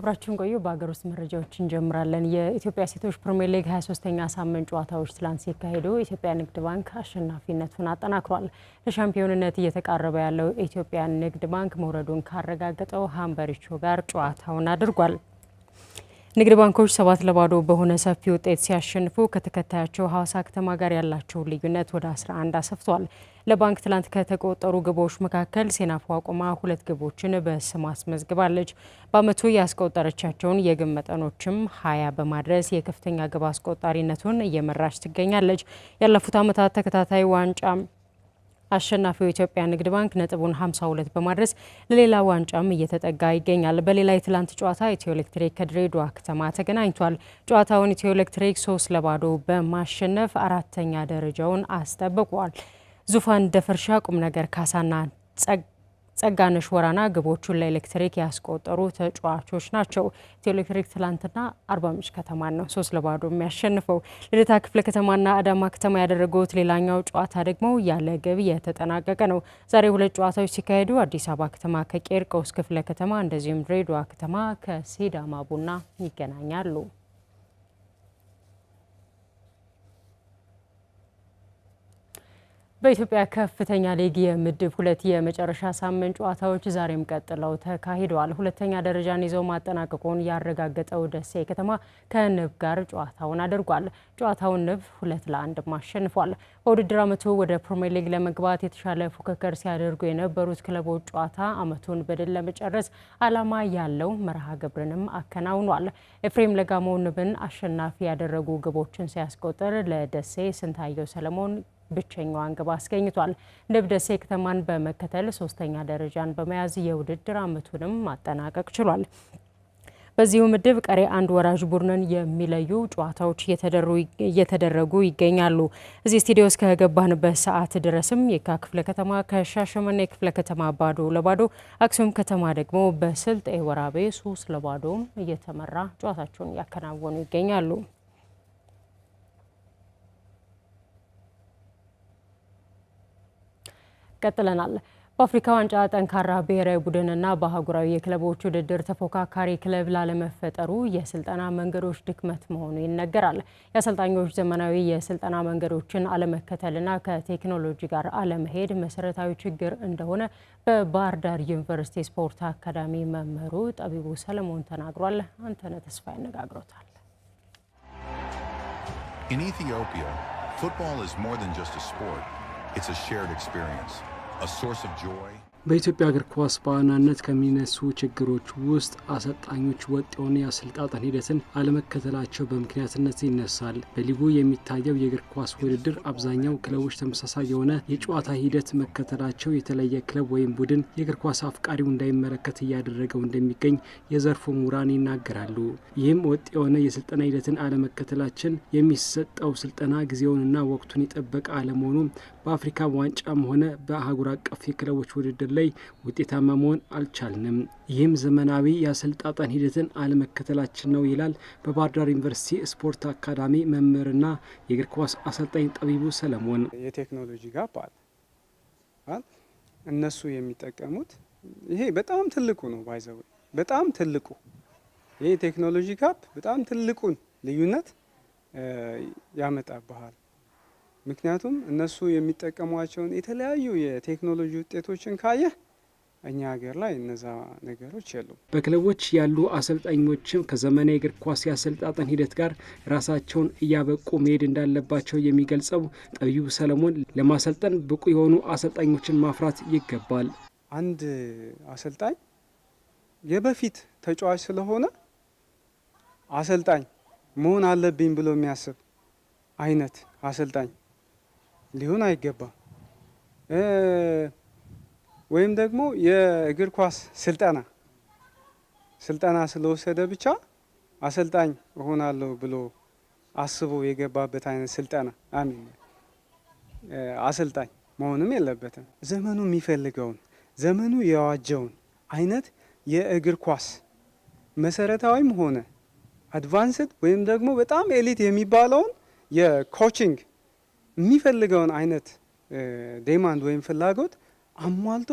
አብራችሁን ቆዩ። በሀገር ውስጥ መረጃዎች እንጀምራለን። የኢትዮጵያ ሴቶች ፕሪሚየር ሊግ 23ኛ ሳምንት ጨዋታዎች ትላንት ሲካሄዱ ኢትዮጵያ ንግድ ባንክ አሸናፊነቱን አጠናክሯል። ለሻምፒዮንነት እየተቃረበ ያለው ኢትዮጵያ ንግድ ባንክ መውረዱን ካረጋገጠው ሀምበሪቾ ጋር ጨዋታውን አድርጓል። ንግድ ባንኮች ሰባት ለባዶ በሆነ ሰፊ ውጤት ሲያሸንፉ ከተከታያቸው ሀዋሳ ከተማ ጋር ያላቸውን ልዩነት ወደ 11 አሰፍቷል። ለባንክ ትላንት ከተቆጠሩ ግቦች መካከል ሴናፎ አቁማ ሁለት ግቦችን በስም አስመዝግባለች። በአመቱ ያስቆጠረቻቸውን የግብ መጠኖችም ሀያ በማድረስ የከፍተኛ ግብ አስቆጣሪነቱን እየመራች ትገኛለች። ያለፉት ዓመታት ተከታታይ ዋንጫ አሸናፊው የኢትዮጵያ ንግድ ባንክ ነጥቡን 52 በማድረስ ለሌላ ዋንጫም እየተጠጋ ይገኛል። በሌላ የትላንት ጨዋታ ኢትዮ ኤሌክትሪክ ከድሬዳዋ ከተማ ተገናኝቷል። ጨዋታውን ኢትዮ ኤሌክትሪክ ሶስት ለባዶ በማሸነፍ አራተኛ ደረጃውን አስጠብቋል። ዙፋን ደፈርሻ፣ ቁም ነገር ካሳና ጸጋ ጸጋነሽ ወራና ግቦቹን ለኤሌክትሪክ ያስቆጠሩ ተጫዋቾች ናቸው። ኢትዮ ኤሌክትሪክ ትላንትና አርባ ምንጭ ከተማን ነው ሶስት ለባዶ የሚያሸንፈው። ልደታ ክፍለ ከተማና አዳማ ከተማ ያደረጉት ሌላኛው ጨዋታ ደግሞ ያለ ግብ የተጠናቀቀ ነው። ዛሬ ሁለት ጨዋታዎች ሲካሄዱ አዲስ አበባ ከተማ ከቄርቆስ ክፍለ ከተማ እንደዚሁም ድሬዳዋ ከተማ ከሲዳማ ቡና ይገናኛሉ። በኢትዮጵያ ከፍተኛ ሊግ የምድብ ሁለት የመጨረሻ ሳምንት ጨዋታዎች ዛሬም ቀጥለው ተካሂደዋል። ሁለተኛ ደረጃን ይዘው ማጠናቀቁን ያረጋገጠው ደሴ ከተማ ከንብ ጋር ጨዋታውን አድርጓል። ጨዋታውን ንብ ሁለት ለአንድም አሸንፏል። በውድድር ዓመቱ ወደ ፕሪምየር ሊግ ለመግባት የተሻለ ፉክክር ሲያደርጉ የነበሩት ክለቦች ጨዋታ ዓመቱን በድል ለመጨረስ ዓላማ ያለው መርሃ ግብርንም አከናውኗል። ኤፍሬም ለጋሞ ንብን አሸናፊ ያደረጉ ግቦችን ሲያስቆጥር ለደሴ ስንታየው ሰለሞን ብቸኛዋን ግብ አስገኝቷል። ንብደሴ ከተማን በመከተል ሶስተኛ ደረጃን በመያዝ የውድድር አመቱንም ማጠናቀቅ ችሏል። በዚሁ ምድብ ቀሪ አንድ ወራጅ ቡድንን የሚለዩ ጨዋታዎች እየተደረጉ ይገኛሉ። እዚህ ስቱዲዮ እስከ ገባንበት ሰዓት ድረስም የካ ክፍለ ከተማ ከሻሸመኔ ክፍለ ከተማ ባዶ ለባዶ፣ አክሱም ከተማ ደግሞ በስልጤ ወራቤ ሶስት ለባዶም እየተመራ ጨዋታቸውን እያከናወኑ ይገኛሉ። ቀጥለናል። በአፍሪካ ዋንጫ ጠንካራ ብሔራዊ ቡድንና በአህጉራዊ የክለቦች ውድድር ተፎካካሪ ክለብ ላለመፈጠሩ የስልጠና መንገዶች ድክመት መሆኑ ይነገራል። የአሰልጣኞች ዘመናዊ የስልጠና መንገዶችን አለመከተልና ከቴክኖሎጂ ጋር አለመሄድ መሰረታዊ ችግር እንደሆነ በባህር ዳር ዩኒቨርሲቲ ስፖርት አካዳሚ መምህሩ ጠቢቡ ሰለሞን ተናግሯል። አንተነህ ተስፋ ያነጋግሮታል። ኢትዮጵያ ፉትቦል ስ is ስፖርት than just a a source of joy. በኢትዮጵያ እግር ኳስ በዋናነት ከሚነሱ ችግሮች ውስጥ አሰልጣኞች ወጥ የሆነ የአሰልጣጠን ሂደትን አለመከተላቸው በምክንያትነት ይነሳል። በሊጉ የሚታየው የእግር ኳስ ውድድር አብዛኛው ክለቦች ተመሳሳይ የሆነ የጨዋታ ሂደት መከተላቸው የተለየ ክለብ ወይም ቡድን የእግር ኳስ አፍቃሪው እንዳይመለከት እያደረገው እንደሚገኝ የዘርፉ ምሁራን ይናገራሉ። ይህም ወጥ የሆነ የስልጠና ሂደትን አለመከተላችን፣ የሚሰጠው ስልጠና ጊዜውንና ወቅቱን የጠበቀ አለመሆኑ በአፍሪካ ዋንጫም ሆነ በአህጉር አቀፍ የክለቦች ውድድር ላይ ውጤታማ መሆን አልቻልንም። ይህም ዘመናዊ የአሰልጣጠን ሂደትን አለመከተላችን ነው ይላል በባህር ዳር ዩኒቨርሲቲ ስፖርት አካዳሚ መምህርና የእግር ኳስ አሰልጣኝ ጠቢቡ ሰለሞን። የቴክኖሎጂ ጋፕ አለ እነሱ የሚጠቀሙት ይሄ በጣም ትልቁ ነው ባይዘው በጣም ትልቁ ይሄ ቴክኖሎጂ ጋፕ በጣም ትልቁን ልዩነት ያመጣብሃል። ምክንያቱም እነሱ የሚጠቀሟቸውን የተለያዩ የቴክኖሎጂ ውጤቶችን ካየ እኛ ሀገር ላይ እነዛ ነገሮች የሉም። በክለቦች ያሉ አሰልጣኞችም ከዘመናዊ እግር ኳስ የአሰልጣጠን ሂደት ጋር ራሳቸውን እያበቁ መሄድ እንዳለባቸው የሚገልጸው ጠቢቡ ሰለሞን ለማሰልጠን ብቁ የሆኑ አሰልጣኞችን ማፍራት ይገባል። አንድ አሰልጣኝ የበፊት ተጫዋች ስለሆነ አሰልጣኝ መሆን አለብኝ ብሎ የሚያስብ አይነት አሰልጣኝ ሊሆን አይገባም። ወይም ደግሞ የእግር ኳስ ስልጠና ስልጠና ስለወሰደ ብቻ አሰልጣኝ እሆናለሁ ብሎ አስቦ የገባበት አይነት ስልጠና አሚን አሰልጣኝ መሆንም የለበትም። ዘመኑ የሚፈልገውን ዘመኑ የዋጀውን አይነት የእግር ኳስ መሰረታዊም ሆነ አድቫንስድ ወይም ደግሞ በጣም ኤሊት የሚባለውን የኮችንግ የሚፈልገውን አይነት ዴማንድ ወይም ፍላጎት አሟልቶ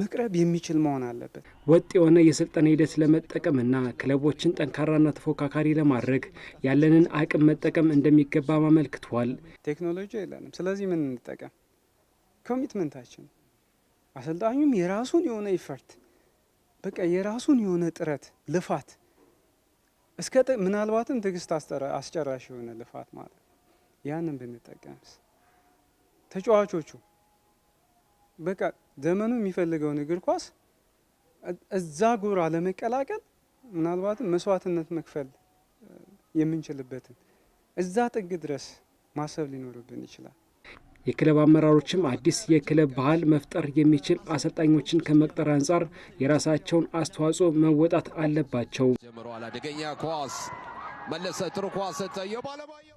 መቅረብ የሚችል መሆን አለበት። ወጥ የሆነ የስልጠና ሂደት ለመጠቀምና ክለቦችን ጠንካራና ተፎካካሪ ለማድረግ ያለንን አቅም መጠቀም እንደሚገባ አመልክቷል። ቴክኖሎጂ የለንም፣ ስለዚህ ምን እንጠቀም? ኮሚትመንታችን፣ አሰልጣኙም የራሱን የሆነ ኢፈርት በቃ የራሱን የሆነ ጥረት ልፋት፣ እስከ ምናልባትም ትዕግስት አስጨራሽ የሆነ ልፋት ማለት ያንን ብንጠቀምስ ተጫዋቾቹ በቃ ዘመኑ የሚፈልገውን እግር ኳስ እዛ ጎራ ለመቀላቀል ምናልባትም መስዋዕትነት መክፈል የምንችልበትን እዛ ጥግ ድረስ ማሰብ ሊኖርብን ይችላል። የክለብ አመራሮችም አዲስ የክለብ ባህል መፍጠር የሚችል አሰልጣኞችን ከመቅጠር አንጻር የራሳቸውን አስተዋጽኦ መወጣት አለባቸው። ጀምሯል። አደገኛ ኳስ መለሰ። ጥሩ ኳስ